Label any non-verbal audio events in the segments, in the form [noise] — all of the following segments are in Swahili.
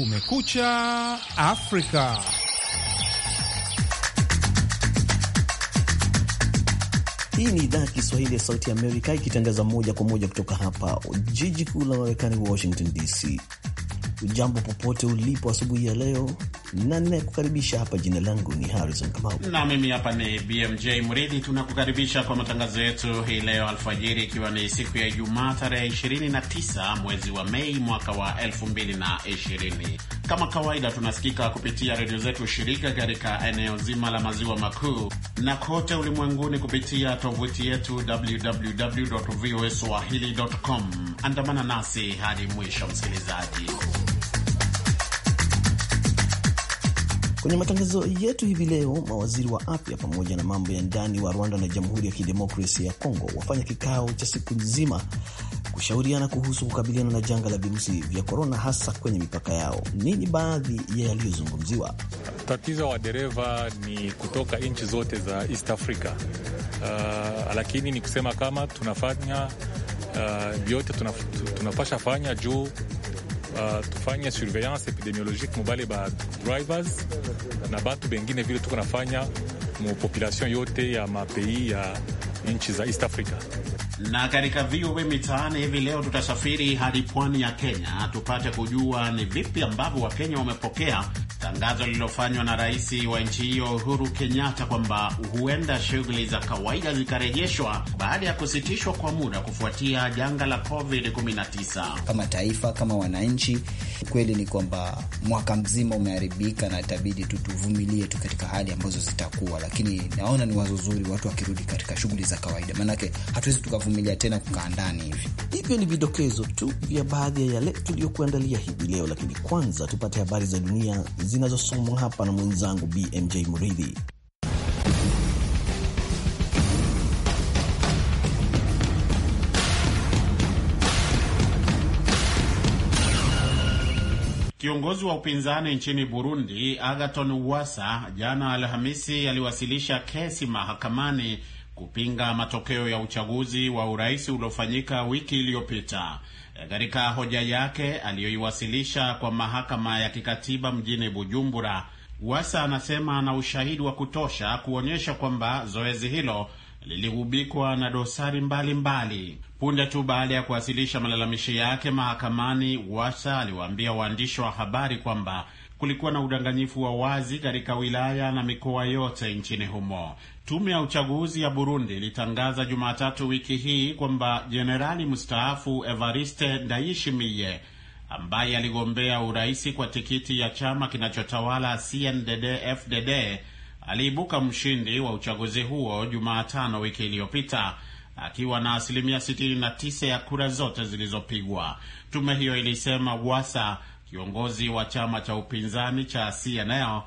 Kumekucha Afrika. Hii ni idhaa ya Kiswahili ya Sauti ya Amerika ikitangaza moja kwa moja kutoka hapa jiji kuu la Marekani, Washington DC. Ujambo popote ulipo asubuhi ya leo, na ninayekukaribisha hapa. Jina langu ni Harrison Kamau na mimi hapa ni BMJ Mridhi. Tunakukaribisha kwa matangazo yetu hii leo alfajiri, ikiwa ni siku ya Ijumaa tarehe 29 mwezi wa Mei mwaka wa 2020. Kama kawaida, tunasikika kupitia redio zetu shirika katika eneo zima la maziwa makuu na kote ulimwenguni kupitia tovuti yetu www voa com. Andamana nasi hadi mwisho, msikilizaji. Kwenye matangazo yetu hivi leo, mawaziri wa afya pamoja na mambo ya ndani wa Rwanda na Jamhuri ya Kidemokrasia ya Kongo wafanya kikao cha siku nzima kushauriana kuhusu kukabiliana na janga la virusi vya korona, hasa kwenye mipaka yao. Nini baadhi ya yaliyozungumziwa? Tatizo wa dereva ni kutoka nchi zote za East Africa. Uh, lakini ni kusema kama tunafanya uh, vyote uh, tunapasha fanya juu uh, tufanye surveillance epidemiologique mubale ba drivers na batu bengine vile tuko nafanya mu population yote ya mapei ya nchi za East Africa. Na katika VOA Mitaani hivi leo tutasafiri hadi pwani ya Kenya tupate kujua ni vipi ambavyo Wakenya wamepokea tangazo lililofanywa na rais wa nchi hiyo Uhuru Kenyatta kwamba huenda shughuli za kawaida zikarejeshwa baada ya kusitishwa kwa muda kufuatia janga la COVID-19. Kama taifa, kama wananchi Kweli ni kwamba mwaka mzima umeharibika na itabidi tu tuvumilie tu katika hali ambazo zitakuwa, lakini naona ni wazo zuri watu wakirudi katika shughuli za kawaida, maanake hatuwezi tukavumilia tena kukaa ndani hivi. Hivyo ni vidokezo tu vya baadhi ya yale tuliyokuandalia hivi leo, lakini kwanza tupate habari za dunia zinazosomwa hapa na mwenzangu BMJ Muridhi. Kiongozi wa upinzani nchini Burundi, agaton Uwasa, jana Alhamisi, aliwasilisha kesi mahakamani kupinga matokeo ya uchaguzi wa urais uliofanyika wiki iliyopita. Katika hoja yake aliyoiwasilisha kwa mahakama ya kikatiba mjini Bujumbura, Uwasa anasema ana ushahidi wa kutosha kuonyesha kwamba zoezi hilo liligubikwa na dosari mbalimbali Punde tu baada ya kuwasilisha malalamishi yake mahakamani, Wasa aliwaambia waandishi wa habari kwamba kulikuwa na udanganyifu wa wazi katika wilaya na mikoa yote nchini humo. Tume ya uchaguzi ya Burundi ilitangaza Jumatatu wiki hii kwamba jenerali mstaafu Evariste Ndayishimiye ambaye aligombea uraisi kwa tikiti ya chama kinachotawala CNDD-FDD aliibuka mshindi wa uchaguzi huo Jumatano wiki iliyopita akiwa na asilimia 69 ya kura zote zilizopigwa. Tume hiyo ilisema Wasa, kiongozi wa chama cha upinzani cha CNL,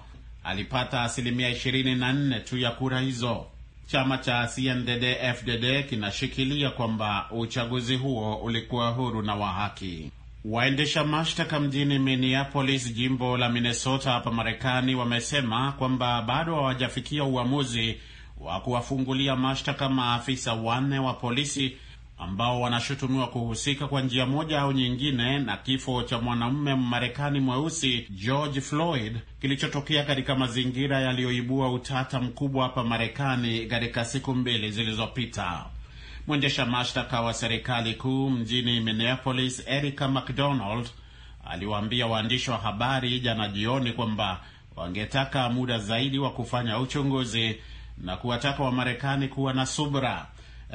alipata asilimia 24 tu ya kura hizo. Chama cha CNDD-FDD kinashikilia kwamba uchaguzi huo ulikuwa huru na wa haki. Waendesha mashtaka mjini Minneapolis, jimbo la Minnesota hapa Marekani, wamesema kwamba bado hawajafikia uamuzi wa kuwafungulia mashtaka maafisa wanne wa polisi ambao wanashutumiwa kuhusika kwa njia moja au nyingine na kifo cha mwanaume Mmarekani mweusi George Floyd kilichotokea katika mazingira yaliyoibua utata mkubwa hapa Marekani katika siku mbili zilizopita. Mwendesha mashtaka wa serikali kuu mjini Minneapolis, Erica McDonald, aliwaambia waandishi wa habari jana jioni kwamba wangetaka muda zaidi wa kufanya uchunguzi na kuwataka Wamarekani kuwa na subra.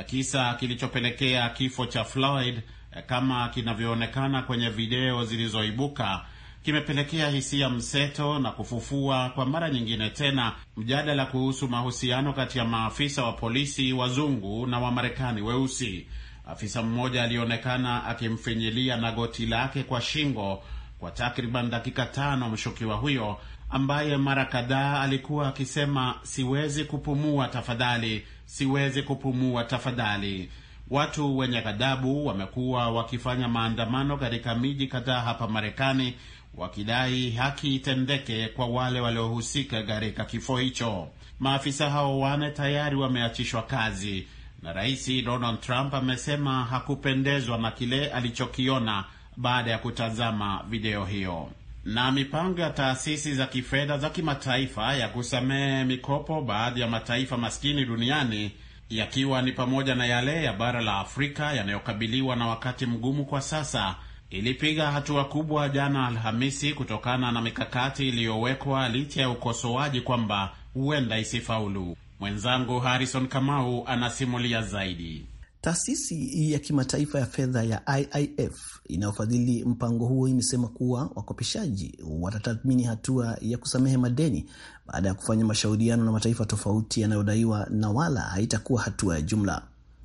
Kisa kilichopelekea kifo cha Floyd, kama kinavyoonekana kwenye video zilizoibuka kimepelekea hisia mseto na kufufua kwa mara nyingine tena mjadala kuhusu mahusiano kati ya maafisa wa polisi wazungu na Wamarekani weusi. Afisa mmoja alionekana akimfinyilia na goti lake kwa shingo kwa takriban dakika tano mshukiwa huyo ambaye mara kadhaa alikuwa akisema, siwezi kupumua tafadhali, siwezi kupumua tafadhali. Watu wenye ghadhabu wamekuwa wakifanya maandamano katika miji kadhaa hapa Marekani wakidai haki itendeke kwa wale waliohusika katika kifo hicho. Maafisa hao wane tayari wameachishwa kazi, na Rais Donald Trump amesema hakupendezwa na kile alichokiona baada ya kutazama video hiyo. Na mipango ya taasisi za kifedha za kimataifa ya kusamehe mikopo baadhi ya mataifa maskini duniani yakiwa ni pamoja na yale ya bara la Afrika yanayokabiliwa na wakati mgumu kwa sasa, ilipiga hatua kubwa jana Alhamisi kutokana na mikakati iliyowekwa licha ya ukosoaji kwamba huenda isifaulu. Mwenzangu Harrison Kamau anasimulia zaidi. Taasisi ya kimataifa ya fedha ya IIF inayofadhili mpango huo imesema kuwa wakopeshaji watatathmini hatua ya kusamehe madeni baada ya kufanya mashauriano na mataifa tofauti yanayodaiwa na wala haitakuwa hatua ya jumla.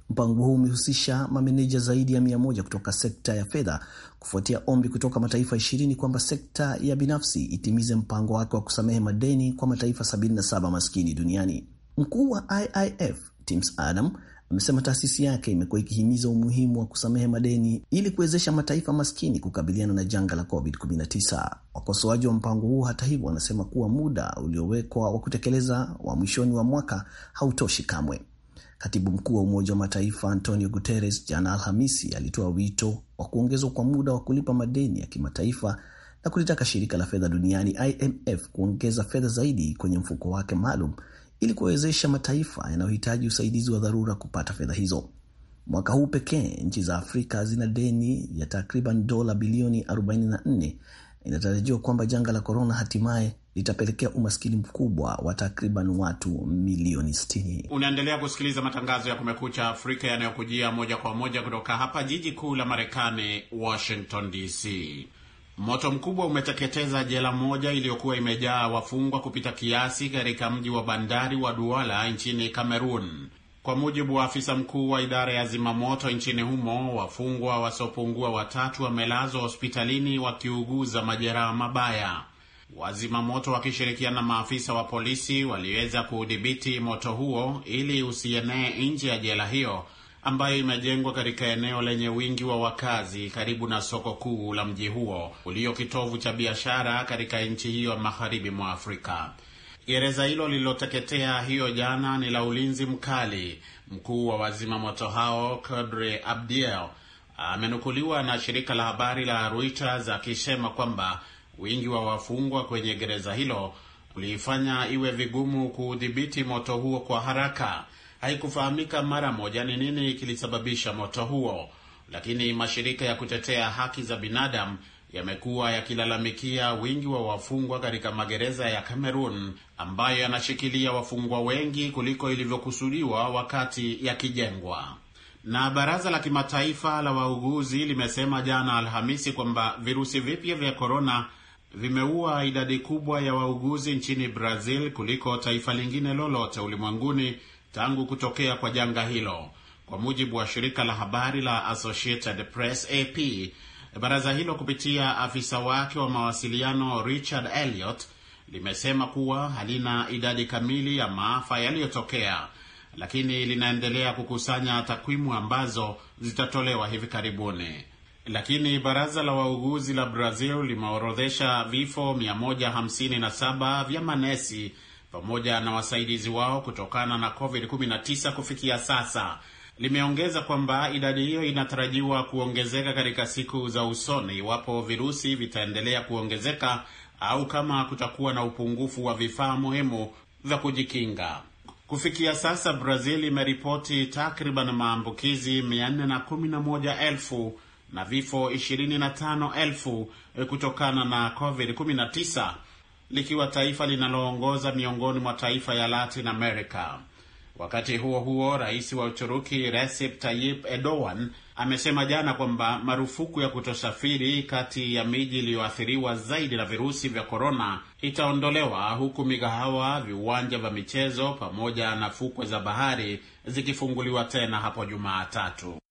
Mpango huu umehusisha mameneja zaidi ya mia moja kutoka sekta ya fedha kufuatia ombi kutoka mataifa ishirini kwamba sekta ya binafsi itimize mpango wake wa kusamehe madeni kwa mataifa 77 maskini duniani. Mkuu wa IIF Tim Adam amesema taasisi yake imekuwa ikihimiza umuhimu wa kusamehe madeni ili kuwezesha mataifa maskini kukabiliana na janga la COVID-19. Wakosoaji wa mpango huo, hata hivyo, wanasema kuwa muda uliowekwa wa kutekeleza wa mwishoni wa mwaka hautoshi kamwe. Katibu mkuu wa Umoja wa Mataifa Antonio Guterres jana Alhamisi alitoa wito wa kuongezwa kwa muda wa kulipa madeni ya kimataifa na kulitaka shirika la fedha duniani IMF kuongeza fedha zaidi kwenye mfuko wake maalum ili kuwawezesha mataifa yanayohitaji usaidizi wa dharura kupata fedha hizo. Mwaka huu pekee nchi za Afrika zina deni ya takriban dola bilioni 44. Inatarajiwa kwamba janga la korona hatimaye litapelekea umaskini mkubwa wa takriban watu milioni 60. Unaendelea kusikiliza matangazo ya Kumekucha Afrika yanayokujia moja kwa moja kutoka hapa jiji kuu la Marekani, Washington DC. Moto mkubwa umeteketeza jela moja iliyokuwa imejaa wafungwa kupita kiasi katika mji wa bandari wa Duala nchini Kamerun. Kwa mujibu wa afisa mkuu wa idara ya zimamoto nchini humo, wafungwa wasiopungua watatu wamelazwa hospitalini wakiuguza majeraha mabaya. Wazimamoto wakishirikiana na maafisa wa polisi waliweza kuudhibiti moto huo ili usienee nje ya jela hiyo ambayo imejengwa katika eneo lenye wingi wa wakazi karibu na soko kuu la mji huo ulio kitovu cha biashara katika nchi hiyo magharibi mwa Afrika. Gereza hilo lililoteketea hiyo jana ni la ulinzi mkali. Mkuu wa wazima moto hao Kadre Abdiel amenukuliwa na shirika la habari la Reuters akisema kwamba wingi wa wafungwa kwenye gereza hilo uliifanya iwe vigumu kuudhibiti moto huo kwa haraka haikufahamika mara moja ni nini kilisababisha moto huo, lakini mashirika ya kutetea haki za binadamu yamekuwa yakilalamikia wingi wa wafungwa katika magereza ya Cameroon ambayo yanashikilia wafungwa wengi kuliko ilivyokusudiwa wakati yakijengwa. Na baraza la kimataifa la wauguzi limesema jana Alhamisi kwamba virusi vipya vya korona vimeua idadi kubwa ya wauguzi nchini Brazil kuliko taifa lingine lolote ulimwenguni tangu kutokea kwa janga hilo, kwa mujibu wa shirika la habari la Associated Press AP. Baraza hilo kupitia afisa wake wa mawasiliano Richard Elliot limesema kuwa halina idadi kamili ya maafa yaliyotokea, lakini linaendelea kukusanya takwimu ambazo zitatolewa hivi karibuni. Lakini baraza la wauguzi la Brazil limeorodhesha vifo 157 vya manesi pamoja na wasaidizi wao kutokana na COVID-19 kufikia sasa. Limeongeza kwamba idadi hiyo inatarajiwa kuongezeka katika siku za usoni iwapo virusi vitaendelea kuongezeka au kama kutakuwa na upungufu wa vifaa muhimu vya kujikinga. Kufikia sasa Brazil imeripoti takriban maambukizi 411,000 na vifo 25,000 kutokana na COVID-19 likiwa taifa linaloongoza miongoni mwa taifa ya Latin America. Wakati huo huo, rais wa Uturuki Recep Tayyip Erdogan amesema jana kwamba marufuku ya kutosafiri kati ya miji iliyoathiriwa zaidi na virusi vya korona itaondolewa huku migahawa, viwanja vya michezo pamoja na fukwe za bahari zikifunguliwa tena hapo Jumatatu.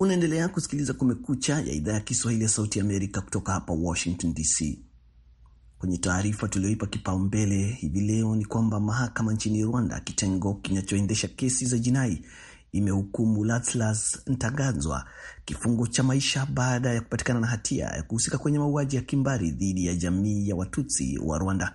Unaendelea kusikiliza Kumekucha ya idhaa ya Kiswahili ya Sauti Amerika kutoka hapa Washington DC. Kwenye taarifa tulioipa kipaumbele hivi leo ni kwamba mahakama nchini Rwanda, kitengo kinachoendesha kesi za jinai, imehukumu Ladislas Ntaganzwa kifungo cha maisha baada ya kupatikana na hatia ya kuhusika kwenye mauaji ya kimbari dhidi ya jamii ya Watutsi wa Rwanda.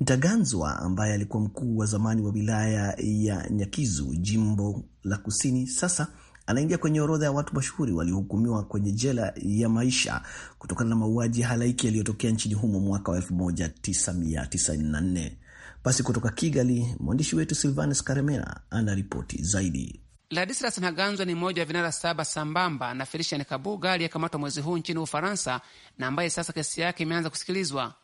Ntaganzwa ambaye alikuwa mkuu wa zamani wa wilaya ya Nyakizu, jimbo la Kusini, sasa anaingia kwenye orodha ya watu mashuhuri waliohukumiwa kwenye jela ya maisha kutokana na mauaji halaiki yaliyotokea nchini humo mwaka wa 1994. Basi kutoka Kigali, mwandishi wetu Silvanus Karemera ana ripoti zaidi. Ladislas Ntaganzwa ni mmoja wa vinara saba sambamba na Felician Kabuga aliyekamatwa mwezi huu nchini Ufaransa na ambaye sasa kesi yake imeanza kusikilizwa.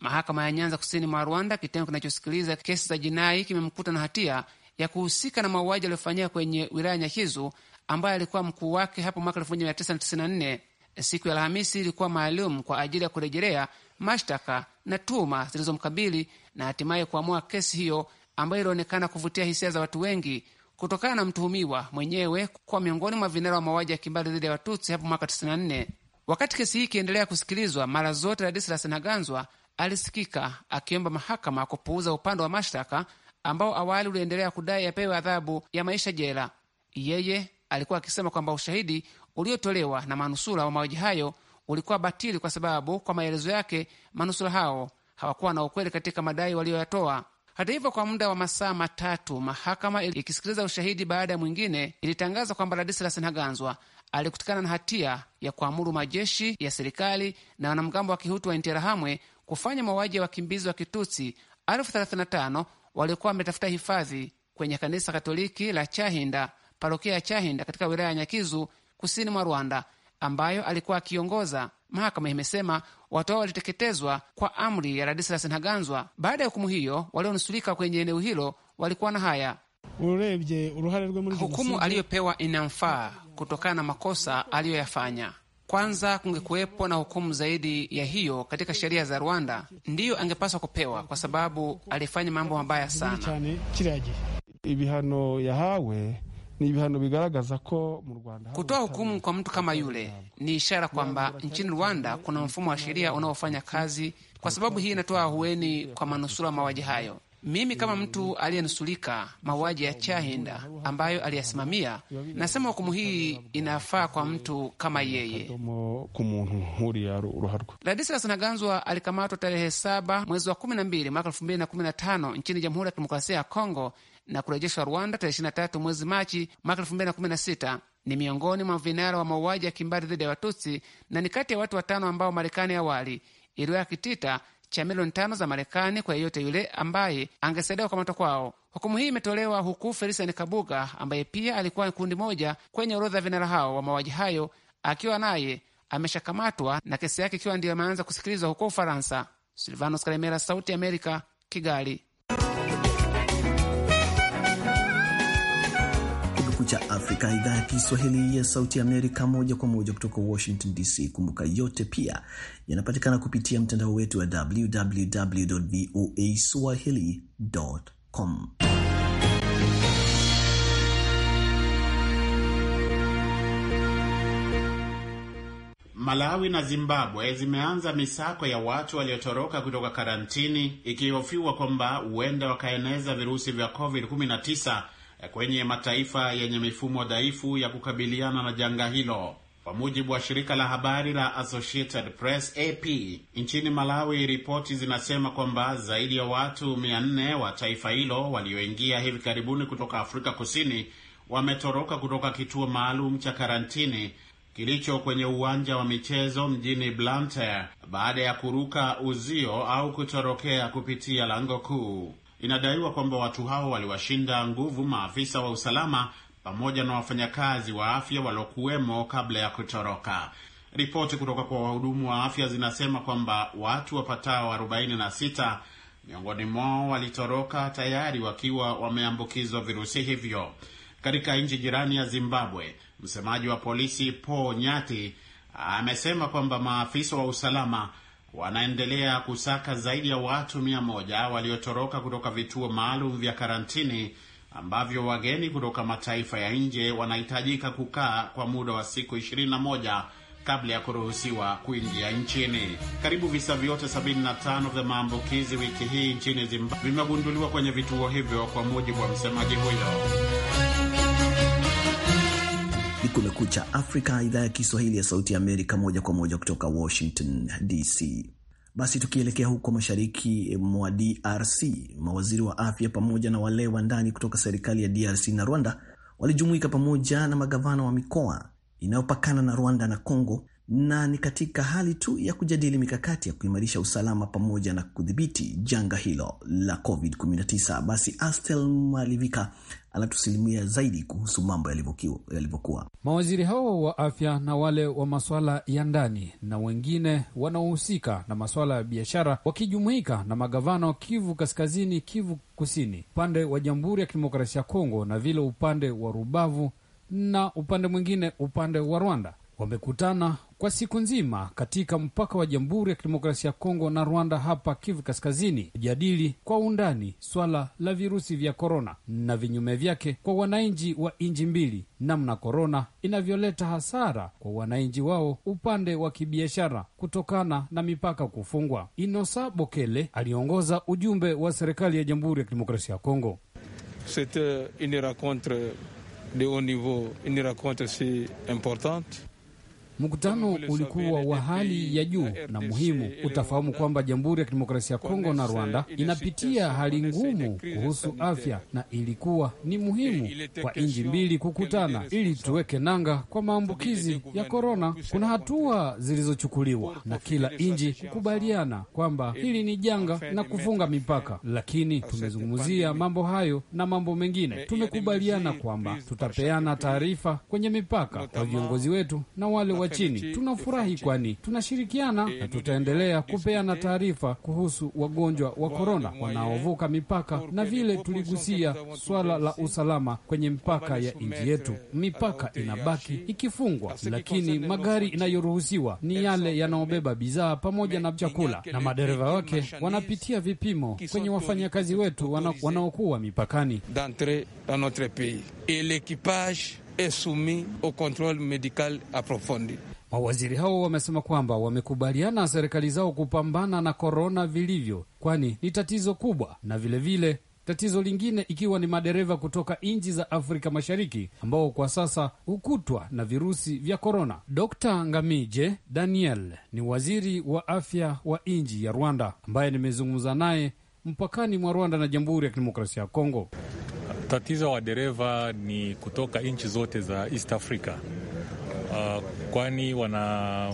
Mahakama ya Nyanza kusini mwa Rwanda, kitengo kinachosikiliza kesi za jinai kimemkuta na hatia ya kuhusika na mauaji aliyofanyika kwenye wilaya Nyakizu ambaye alikuwa mkuu wake hapo mwaka 1994. Siku ya Alhamisi ilikuwa maalum kwa ajili ya kurejelea mashtaka na tuma zilizomkabili na hatimaye kuamua kesi hiyo ambayo ilionekana kuvutia hisia za watu wengi kutokana na mtuhumiwa mwenyewe kuwa miongoni mwa vinara wa mauaji ya kimbali dhidi ya Watutsi hapo mwaka 94. Wakati kesi hii ikiendelea kusikilizwa mara zote, Ladislas Ntaganzwa alisikika akiomba mahakama kupuuza upande wa mashtaka ambao awali uliendelea kudai apewe adhabu ya maisha jela. Yeye alikuwa akisema kwamba ushahidi uliotolewa na manusura wa mauaji hayo ulikuwa batili, kwa sababu kwa maelezo yake manusura hao hawakuwa na ukweli katika madai walioyatoa. Hata hivyo, kwa muda wa masaa matatu mahakama ikisikiliza ushahidi baada ya mwingine, ilitangaza kwamba Ladislas Ntaganzwa alikutikana na hatia ya kuamuru majeshi ya serikali na wanamgambo wa kihutu wa Interahamwe kufanya mauaji ya wakimbizi wa kitutsi elfu 35 waliokuwa wametafuta hifadhi kwenye kanisa Katoliki la Chahinda parokia ya Chahinda katika wilaya ya Nyakizu kusini mwa Rwanda ambayo alikuwa akiongoza. Mahakama imesema watu hao waliteketezwa kwa amri ya Ladislas Ntaganzwa. Baada ya hukumu hiyo, walionusulika kwenye eneo hilo walikuwa na haya: hukumu aliyopewa inamfaa kutokana na makosa aliyoyafanya. Kwanza, kungekuwepo na hukumu zaidi ya hiyo katika sheria za Rwanda, ndiyo angepaswa kupewa kwa sababu alifanya mambo mabaya sana. ibihano yahawe ni ibihano bigaragaza ko mu Rwanda kutoa hukumu kwa mtu kama yule ni ishara kwamba nchini Rwanda kuna mfumo wa sheria unaofanya kazi, kwa sababu hii inatoa ahueni kwa manusura mauaji hayo. Mimi kama mtu aliyenusulika mauaji ya Chahinda ambayo aliyasimamia, nasema hukumu hii inafaa kwa mtu kama yeye. Ladislas Ntaganzwa alikamatwa tarehe saba mwezi wa kumi na mbili mwaka elfu mbili na kumi na tano nchini Jamhuri ya Kidemokrasia ya Kongo na kurejeshwa Rwanda tarehe 23 mwezi Machi mwaka 2016. Ni miongoni mwa vinara wa mauaji ya kimbari dhidi ya Watutsi na ni kati ya watu watano ambao Marekani awali iliweka kitita cha milioni tano za Marekani kwa yeyote yule ambaye angesaidia kukamatwa kwao. Hukumu hii imetolewa huku Felisen Kabuga ambaye pia alikuwa kundi moja kwenye orodha ya vinara hao wa mauaji hayo akiwa naye ameshakamatwa na kesi yake ikiwa ndiyo imeanza kusikilizwa huko Ufaransa. Silvanos Sauti Amerika, Kigali. Kumekucha Afrika, idhaa ya Kiswahili ya Sauti Amerika, moja kwa moja kutoka Washington DC. Kumbuka yote pia yanapatikana kupitia mtandao wetu wa www voa swahili.com. Malawi na Zimbabwe zimeanza misako ya watu waliotoroka kutoka karantini, ikihofiwa kwamba huenda wakaeneza virusi vya COVID-19 kwenye mataifa yenye mifumo dhaifu ya kukabiliana na janga hilo. Kwa mujibu wa shirika la habari la Associated Press AP, nchini Malawi, ripoti zinasema kwamba zaidi ya watu 400 wa taifa hilo walioingia hivi karibuni kutoka Afrika Kusini wametoroka kutoka kituo maalum cha karantini kilicho kwenye uwanja wa michezo mjini Blantyre baada ya kuruka uzio au kutorokea kupitia lango kuu. Inadaiwa kwamba watu hao waliwashinda nguvu maafisa wa usalama pamoja na wafanyakazi wa afya waliokuwemo kabla ya kutoroka. Ripoti kutoka kwa wahudumu wa afya zinasema kwamba watu wapatao 46 miongoni mwao walitoroka tayari wakiwa wameambukizwa virusi hivyo. Katika nchi jirani ya Zimbabwe, msemaji wa polisi Paul Nyati amesema kwamba maafisa wa usalama wanaendelea kusaka zaidi ya watu mia moja waliotoroka kutoka vituo maalum vya karantini ambavyo wageni kutoka mataifa ya nje wanahitajika kukaa kwa muda wa siku 21 kabla ya kuruhusiwa kuingia nchini. Karibu visa vyote 75 vya maambukizi wiki hii nchini Zimbabwe vimegunduliwa kwenye vituo hivyo, kwa mujibu wa msemaji huyo ni Kumekucha Afrika, idhaa ya Kiswahili ya Sauti ya Amerika, moja kwa moja kutoka Washington DC. Basi tukielekea huko mashariki mwa DRC, mawaziri wa afya pamoja na wale wa ndani kutoka serikali ya DRC na Rwanda walijumuika pamoja na magavana wa mikoa inayopakana na Rwanda na Congo na ni katika hali tu ya kujadili mikakati ya kuimarisha usalama pamoja na kudhibiti janga hilo la COVID-19. Basi Astel Malivika anatusilimia zaidi kuhusu mambo yalivyokuwa. Mawaziri hao wa afya na wale wa masuala ya ndani na wengine wanaohusika na masuala ya biashara wakijumuika na magavana wa Kivu Kaskazini, Kivu Kusini, upande wa Jamhuri ya Kidemokrasia ya Kongo na vile upande wa Rubavu na upande mwingine upande wa Rwanda wamekutana kwa siku nzima katika mpaka wa Jamhuri ya Kidemokrasia ya Kongo na Rwanda hapa Kivu Kaskazini kujadili kwa undani swala la virusi vya korona na vinyume vyake kwa wananchi wa nchi mbili, namna korona inavyoleta hasara kwa wananchi wao upande wa kibiashara kutokana na mipaka kufungwa. Inosa Bokele aliongoza ujumbe wa serikali ya Jamhuri ya Kidemokrasia ya Kongo. Cette, euh, une rencontre de haut niveau, une rencontre si importante Mkutano ulikuwa wa hali ya juu na muhimu. Utafahamu kwamba Jamhuri ya Kidemokrasia ya Kongo na Rwanda inapitia hali ngumu kuhusu afya, na ilikuwa ni muhimu kwa nchi mbili kukutana ili tuweke nanga kwa maambukizi ya korona. Kuna hatua zilizochukuliwa na kila nchi kukubaliana kwamba hili ni janga na kufunga mipaka, lakini tumezungumzia mambo hayo na mambo mengine. Tumekubaliana kwamba tutapeana taarifa kwenye mipaka kwa viongozi wetu na wale wa wa chini. Tunafurahi kwani tunashirikiana eh, na tutaendelea kupeana taarifa kuhusu wagonjwa wa korona wanaovuka mipaka, na vile tuligusia swala la usalama kwenye mpaka ya nchi yetu. Mipaka inabaki ikifungwa, lakini magari inayoruhusiwa ni yale yanayobeba bidhaa pamoja na chakula, na madereva wake wanapitia vipimo kwenye wafanyakazi wetu wanaokuwa mipakani est soumis au contrôle médical approfondi. Mawaziri hao wamesema kwamba wamekubaliana na serikali zao kupambana na korona vilivyo, kwani ni tatizo kubwa, na vilevile vile, tatizo lingine ikiwa ni madereva kutoka nchi za Afrika Mashariki ambao kwa sasa hukutwa na virusi vya korona. Dr Ngamije Daniel ni waziri wa afya wa nchi ya Rwanda ambaye nimezungumza naye mpakani mwa Rwanda na Jamhuri ya Kidemokrasia ya Kongo. Tatizo wa dereva ni kutoka nchi zote za East Africa, uh, kwani wana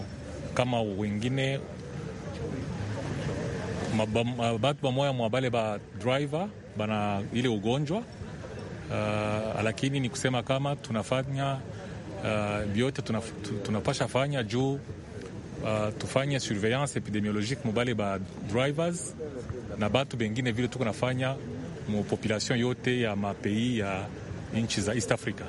kama wengine batu bamoya mwa bale ba driver bana ile ugonjwa uh, lakini ni kusema kama tunafanya ah, vyote uh, tunapasha fanya juu uh, tufanye surveillance epidemiologique mubale ba drivers na batu bengine vile tuko nafanya population yote ya mapei ya nchi za East Africa.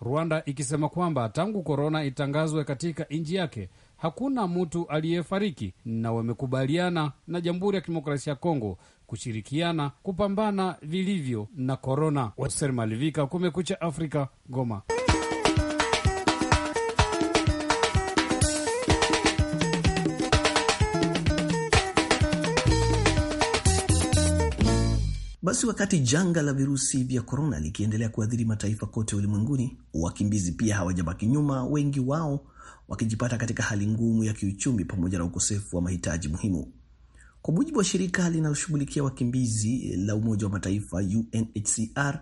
Rwanda ikisema kwamba tangu korona itangazwe katika nchi yake hakuna mtu aliyefariki na wamekubaliana na Jamhuri ya Kidemokrasia ya Kongo kushirikiana kupambana vilivyo na korona. Oser Malivika, Kumekucha Afrika, Goma. Basi wakati janga la virusi vya korona likiendelea kuathiri mataifa kote ulimwenguni, wakimbizi pia hawajabaki nyuma, wengi wao wakijipata katika hali ngumu ya kiuchumi pamoja na ukosefu wa mahitaji muhimu. Kwa mujibu wa shirika linaloshughulikia wakimbizi la Umoja wa Mataifa UNHCR,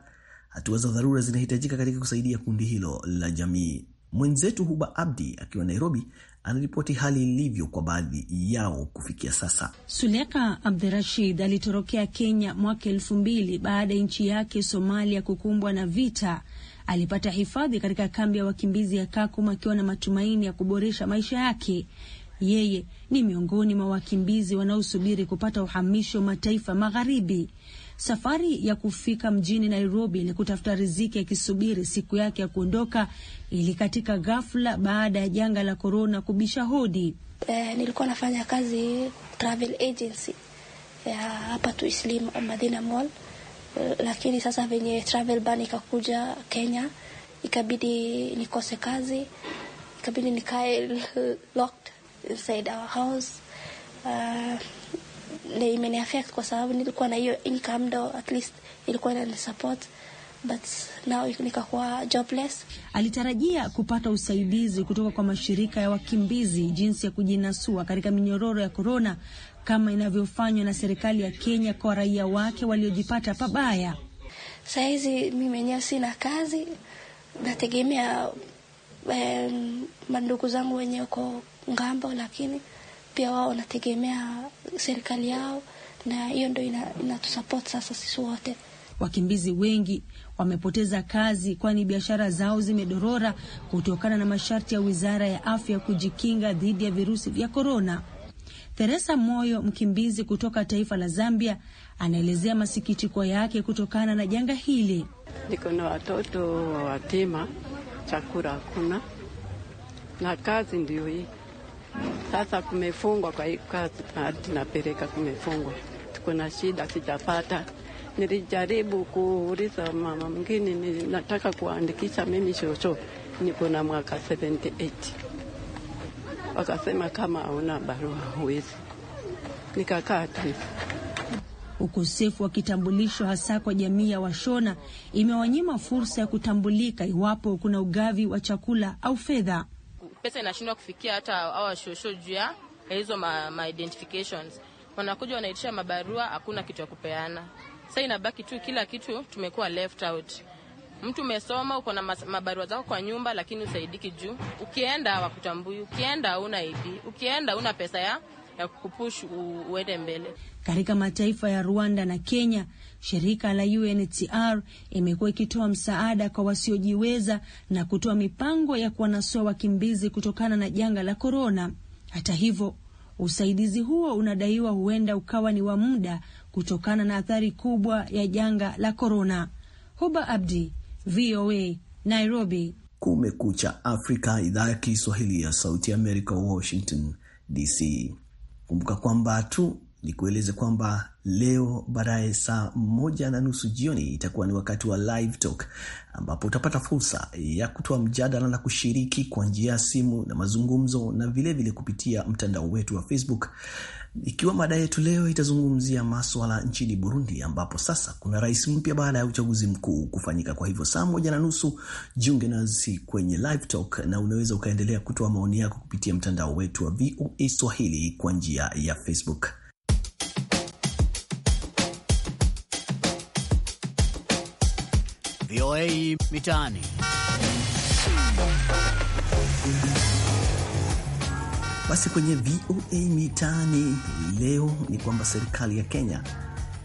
hatua za dharura zinahitajika katika kusaidia kundi hilo la jamii. Mwenzetu Huba Abdi akiwa Nairobi anaripoti hali ilivyo kwa baadhi yao kufikia sasa. Suleka abdurashid alitorokea Kenya mwaka elfu mbili baada ya nchi yake Somalia kukumbwa na vita. Alipata hifadhi katika kambi ya wakimbizi ya kakum akiwa na matumaini ya kuboresha maisha yake. Yeye ni miongoni mwa wakimbizi wanaosubiri kupata uhamisho mataifa magharibi. Safari ya kufika mjini Nairobi ili kutafuta riziki akisubiri ya siku yake ya kuondoka ilikatika ghafla baada ya janga la korona kubisha hodi. Eh, nilikuwa nafanya kazi travel agency ya hapa tu Madina Mall, eh, lakini sasa venye travel ban ikakuja Kenya ikabidi nikose kazi, ikabidi nikae [laughs] locked inside our house uh, na imeni affect kwa sababu nilikuwa na hiyo income do at least ilikuwa na support but now nikakuwa jobless. Alitarajia kupata usaidizi kutoka kwa mashirika ya wakimbizi jinsi ya kujinasua katika minyororo ya korona kama inavyofanywa na serikali ya Kenya kwa raia wake waliojipata pabaya. sahizi mimi mwenyewe sina kazi, nategemea um, mandugu zangu wenye uko ngambo, lakini pia wao wanategemea serikali yao, na hiyo ndo inatusupport ina sasa sisi wote. Wakimbizi wengi wamepoteza kazi, kwani biashara zao zimedorora kutokana na masharti ya wizara ya afya kujikinga dhidi ya virusi vya korona. Theresa Moyo, mkimbizi kutoka taifa la Zambia, anaelezea masikitiko yake kutokana na janga hili. Niko na watoto wa watima, chakula hakuna na kazi ndio hii sasa kumefungwa kwa hii kazi, tunapeleka kumefungwa, tuko na shida, sijapata. Nilijaribu kuuliza mama mwingine, ninataka kuandikisha mimi shosho, niko na mwaka 78 wakasema kama hauna barua huwezi. Nikakaa tu. Ukosefu wa kitambulisho hasa kwa jamii ya Washona imewanyima fursa ya kutambulika iwapo kuna ugavi wa chakula au fedha pesa inashindwa kufikia hata hawa shosho juu ya hizo ma, ma identifications. Wanakuja wanaitisha mabarua, hakuna kitu ya kupeana. Sasa inabaki tu kila kitu tumekuwa left out. Mtu umesoma uko na mabarua zako kwa nyumba, lakini usaidiki juu ukienda hawakutambui, ukienda hauna ID, ukienda hauna pesa ya, ya kukupush uende mbele. Katika mataifa ya Rwanda na Kenya Shirika la UNHCR imekuwa ikitoa msaada kwa wasiojiweza na kutoa mipango ya kuwanasua wakimbizi kutokana na janga la korona. Hata hivyo, usaidizi huo unadaiwa huenda ukawa ni wa muda kutokana na athari kubwa ya janga la korona. Huba Abdi, VOA, Nairobi. Kumekucha Afrika, idhaa ya Kiswahili ya Sauti ya Amerika, Washington DC. Kumbuka kwamba tu ni kueleza kwamba leo baadaye saa moja na nusu jioni itakuwa ni wakati wa live talk, ambapo utapata fursa ya kutoa mjadala na kushiriki kwa njia ya simu na mazungumzo na vilevile vile kupitia mtandao wetu wa Facebook, ikiwa mada yetu leo itazungumzia maswala nchini Burundi, ambapo sasa kuna rais mpya baada ya uchaguzi mkuu kufanyika. Kwa hivyo saa moja na nusu jiunge nasi kwenye live talk, na unaweza ukaendelea kutoa maoni yako kupitia mtandao wetu wa VOA Swahili kwa njia ya Facebook. VOA Mitaani. Basi kwenye VOA Mitaani leo ni kwamba serikali ya Kenya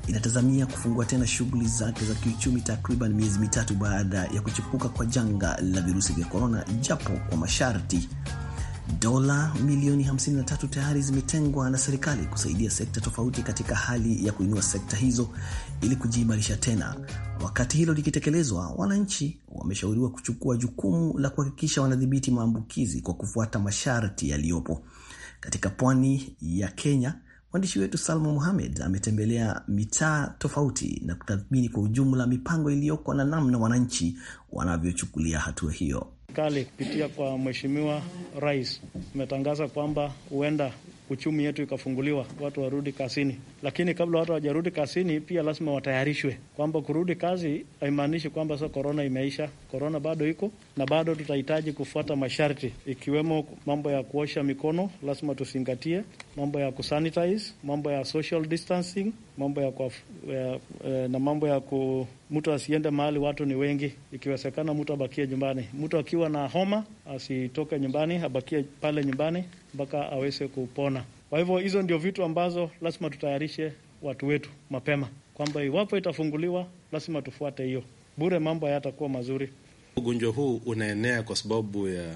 inatazamia kufungua tena shughuli zake za kiuchumi takriban miezi mitatu baada ya kuchipuka kwa janga la virusi vya korona, japo kwa masharti Dola milioni 53 tayari zimetengwa na serikali kusaidia sekta tofauti katika hali ya kuinua sekta hizo ili kujiimarisha tena. Wakati hilo likitekelezwa, wananchi wameshauriwa kuchukua jukumu la kuhakikisha wanadhibiti maambukizi kwa kufuata masharti yaliyopo. Katika pwani ya Kenya, mwandishi wetu Salma Muhamed ametembelea mitaa tofauti na kutathmini kwa ujumla mipango iliyoko na namna wananchi wanavyochukulia hatua hiyo serikali kupitia kwa Mheshimiwa Rais umetangaza kwamba huenda uchumi yetu ikafunguliwa, watu warudi kazini. Lakini kabla watu hawajarudi kazini, pia lazima watayarishwe kwamba kurudi kazi haimaanishi kwamba sasa korona imeisha. Korona bado iko na bado tutahitaji kufuata masharti, ikiwemo mambo ya kuosha mikono, lazima tuzingatie mambo ya kusanitize, mambo ya social distancing mambo ya, kwa, ya eh, na mambo ya ku mtu asiende mahali watu ni wengi, ikiwezekana mtu abakie nyumbani. Mtu akiwa na homa asitoke nyumbani, abakie pale nyumbani mpaka aweze kupona. Kwa hivyo hizo ndio vitu ambazo lazima tutayarishe watu wetu mapema, kwamba iwapo itafunguliwa lazima tufuate hiyo. Bure mambo hayatakuwa mazuri. Ugonjwa huu unaenea kwa sababu ya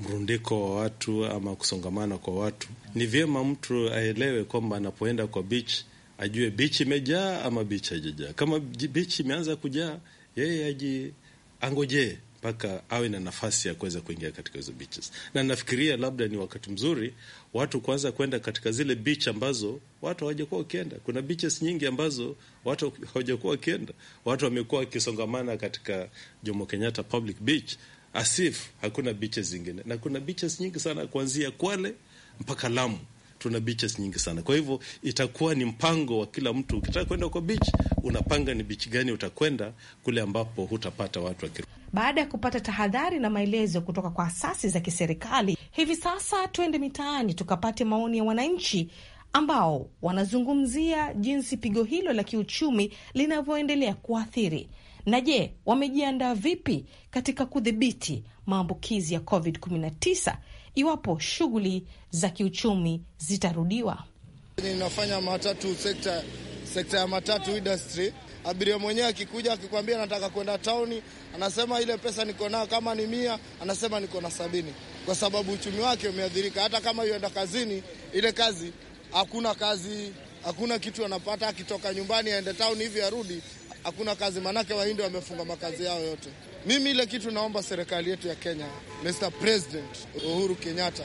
mrundiko wa watu ama kusongamana kwa watu. Ni vyema mtu aelewe kwamba anapoenda kwa beach ajue bichi imejaa ama bichi haijajaa. Kama bichi imeanza kujaa, yeye aji angojee mpaka awe na nafasi ya kuweza kuingia katika hizo beaches, na nafikiria labda ni wakati mzuri watu kuanza kwenda katika zile beach ambazo watu hawajakuwa wakienda. Kuna beaches nyingi ambazo watu hawajakuwa wakienda, watu wamekuwa wakisongamana katika Jomo Kenyatta Public Beach asif, hakuna beaches zingine, na kuna beaches nyingi sana kuanzia Kwale mpaka Lamu tuna beaches nyingi sana. Kwa hivyo itakuwa ni mpango wa kila mtu, ukitaka kwenda kwa beach unapanga ni beach gani utakwenda kule ambapo hutapata watu wakiru. Baada ya kupata tahadhari na maelezo kutoka kwa asasi za kiserikali, hivi sasa twende mitaani tukapate maoni ya wananchi ambao wanazungumzia jinsi pigo hilo la kiuchumi linavyoendelea kuathiri na je, wamejiandaa vipi katika kudhibiti maambukizi ya COVID-19 iwapo shughuli za kiuchumi zitarudiwa. Ninafanya matatu sekta, sekta ya matatu industry. Abiria mwenyewe akikuja akikwambia nataka kwenda tauni, anasema ile pesa niko nayo, kama ni mia anasema niko na sabini, kwa sababu uchumi wake umeathirika. Hata kama yuenda kazini, ile kazi hakuna kazi, hakuna kitu anapata. Akitoka nyumbani aende tauni hivi arudi, hakuna kazi, maanake wahindi wamefunga makazi yao yote. Mimi ile kitu naomba serikali yetu ya Kenya, Mr President Uhuru Kenyatta,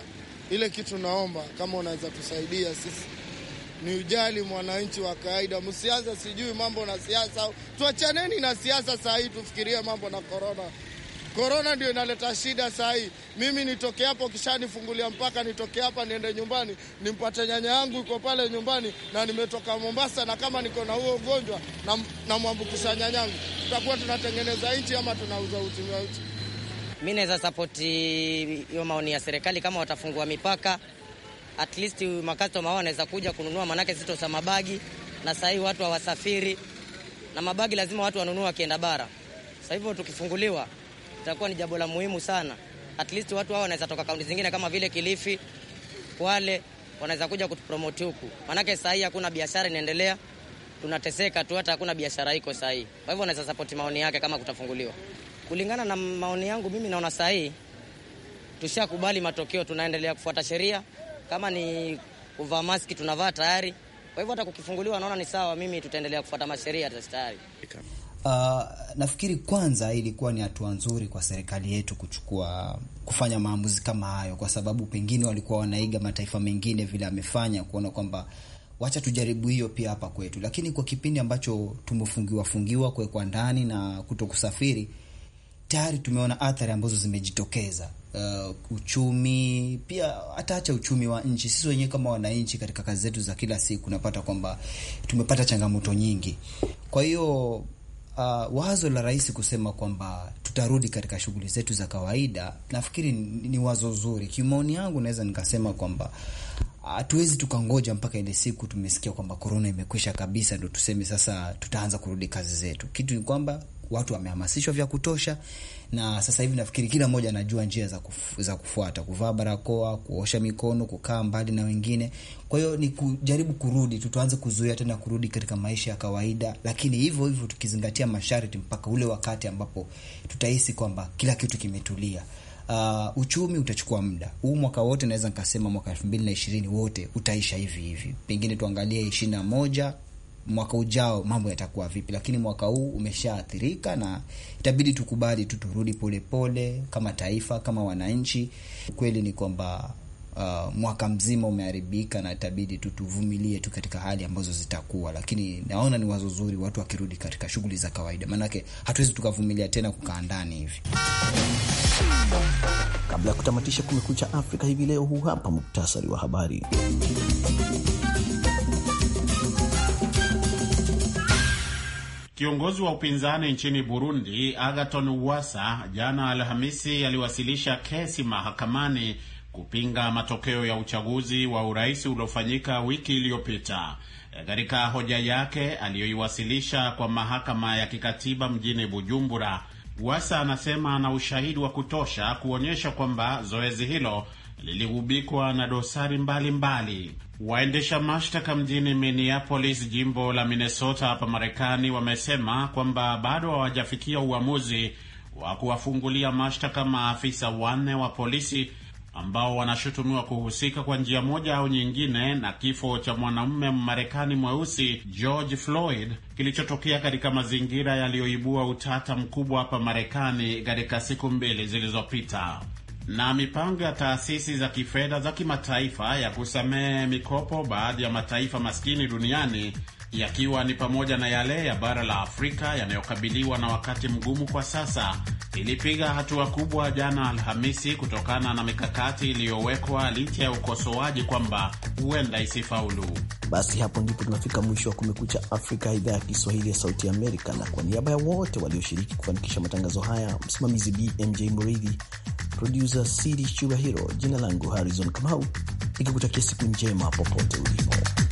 ile kitu naomba kama unaweza tusaidia sisi ni ujali mwananchi wa kawaida, msianza sijui mambo na siasa. Tuachaneni na siasa saa hii, tufikirie mambo na korona. Korona ndio inaleta shida saa hii. Mimi nitoke hapo, kishanifungulia mpaka nitoke hapa niende nyumbani nimpate nyanya yangu iko pale nyumbani, na nimetoka Mombasa, na kama niko na huo ugonjwa namwambukisha na nyanya yangu, tutakuwa tunatengeneza nchi ama tunauza uti wa uti. Mi naweza sapoti eh, hiyo maoni ya serikali, kama watafungua mipaka, at least makastoma hao wanaweza kuja kununua, maanake sitosa mabagi, na saa hii watu hawasafiri na mabagi, lazima watu wanunua wakienda bara. Sasa hivyo tukifunguliwa itakuwa ni jambo la muhimu sana. At least watu hao wanaweza toka kaunti zingine kama vile Kilifi, Kwale, wanaweza kuja kutupromote huku, maanake saa hii hakuna biashara inaendelea, tunateseka tu, hata hakuna biashara iko saa hii. Kwa hivyo wanaweza sapoti maoni yake kama kutafunguliwa. Kulingana na maoni yangu mimi, naona saa hii tushakubali matokeo, tunaendelea kufuata sheria. Kama ni kuvaa maski tunavaa tayari. Kwa hivyo hata kukifunguliwa, naona ni sawa. Mimi tutaendelea kufuata masheria tayari. Uh, nafikiri kwanza ilikuwa ni hatua nzuri kwa serikali yetu kuchukua kufanya maamuzi kama hayo, kwa sababu pengine walikuwa wanaiga mataifa mengine vile amefanya, kuona kwamba wacha tujaribu hiyo pia hapa kwetu. Lakini kwa kipindi ambacho tumefungiwa fungiwa, kuwekwa ndani na kuto kusafiri, tayari tumeona athari ambazo zimejitokeza. Uh, uchumi pia, hata acha uchumi wa nchi, sisi wenyewe kama wananchi katika kazi zetu za kila siku, napata kwamba tumepata changamoto nyingi, kwa hiyo uh, wazo la rais kusema kwamba tutarudi katika shughuli zetu za kawaida, nafikiri ni, ni wazo zuri. Kimaoni yangu naweza nikasema kwamba uh, hatuwezi tukangoja mpaka ile siku tumesikia kwamba korona imekwisha kabisa ndo tuseme sasa tutaanza kurudi kazi zetu. Kitu ni kwamba watu wamehamasishwa vya kutosha na sasa hivi nafikiri kila mmoja anajua njia za, kufu, za kufuata: kuvaa barakoa, kuosha mikono, kukaa mbali na wengine. Kwa hiyo ni kujaribu kurudi tu, tuanze kuzuia tena kurudi katika maisha ya kawaida, lakini hivyo hivyo tukizingatia masharti mpaka ule wakati ambapo tutahisi kwamba kila kitu kimetulia. Uh, uchumi utachukua muda huu mwaka wote, naweza nikasema mwaka elfu mbili na ishirini wote utaisha hivi hivi, pengine tuangalie ishirini na moja mwaka ujao mambo yatakuwa vipi, lakini mwaka huu umeshaathirika na itabidi tukubali tu turudi polepole kama taifa, kama wananchi. Ukweli ni kwamba Uh, mwaka mzima umeharibika na itabidi tu tuvumilie tu katika hali ambazo zitakuwa, lakini naona ni wazo zuri watu wakirudi katika shughuli za kawaida, maanake hatuwezi tukavumilia tena kukaa ndani hivi. Kabla ya kutamatisha Kumekucha Afrika hivi leo, huu hapa muktasari wa habari. Kiongozi wa upinzani nchini Burundi agaton Uwasa jana Alhamisi aliwasilisha kesi mahakamani kupinga matokeo ya uchaguzi wa urais uliofanyika wiki iliyopita. Katika hoja yake aliyoiwasilisha kwa mahakama ya kikatiba mjini Bujumbura, Uwasa anasema ana ushahidi wa kutosha kuonyesha kwamba zoezi hilo liligubikwa na dosari mbalimbali mbali. Waendesha mashtaka mjini Minneapolis, jimbo la Minnesota hapa Marekani, wamesema kwamba bado hawajafikia uamuzi wa kuwafungulia mashtaka maafisa wanne wa polisi ambao wanashutumiwa kuhusika kwa njia moja au nyingine na kifo cha mwanamume Mmarekani mweusi George Floyd kilichotokea katika mazingira yaliyoibua utata mkubwa hapa Marekani katika siku mbili zilizopita. Na mipango ya taasisi za kifedha za kimataifa ya kusamehe mikopo baadhi ya mataifa maskini duniani yakiwa ni pamoja na yale ya bara la Afrika yanayokabiliwa na wakati mgumu kwa sasa, ilipiga hatua kubwa jana Alhamisi kutokana na mikakati iliyowekwa licha ya ukosoaji kwamba huenda isifaulu. Basi hapo ndipo tunafika mwisho wa Kumekucha Afrika, idhaa ya Kiswahili ya Sauti ya Amerika, na kwa niaba ya wote walioshiriki kufanikisha matangazo haya, msimamizi BMJ Muridhi, produsa Sidi hiro jina langu Harrison Kamau, ikikutakia siku njema popote ulipo.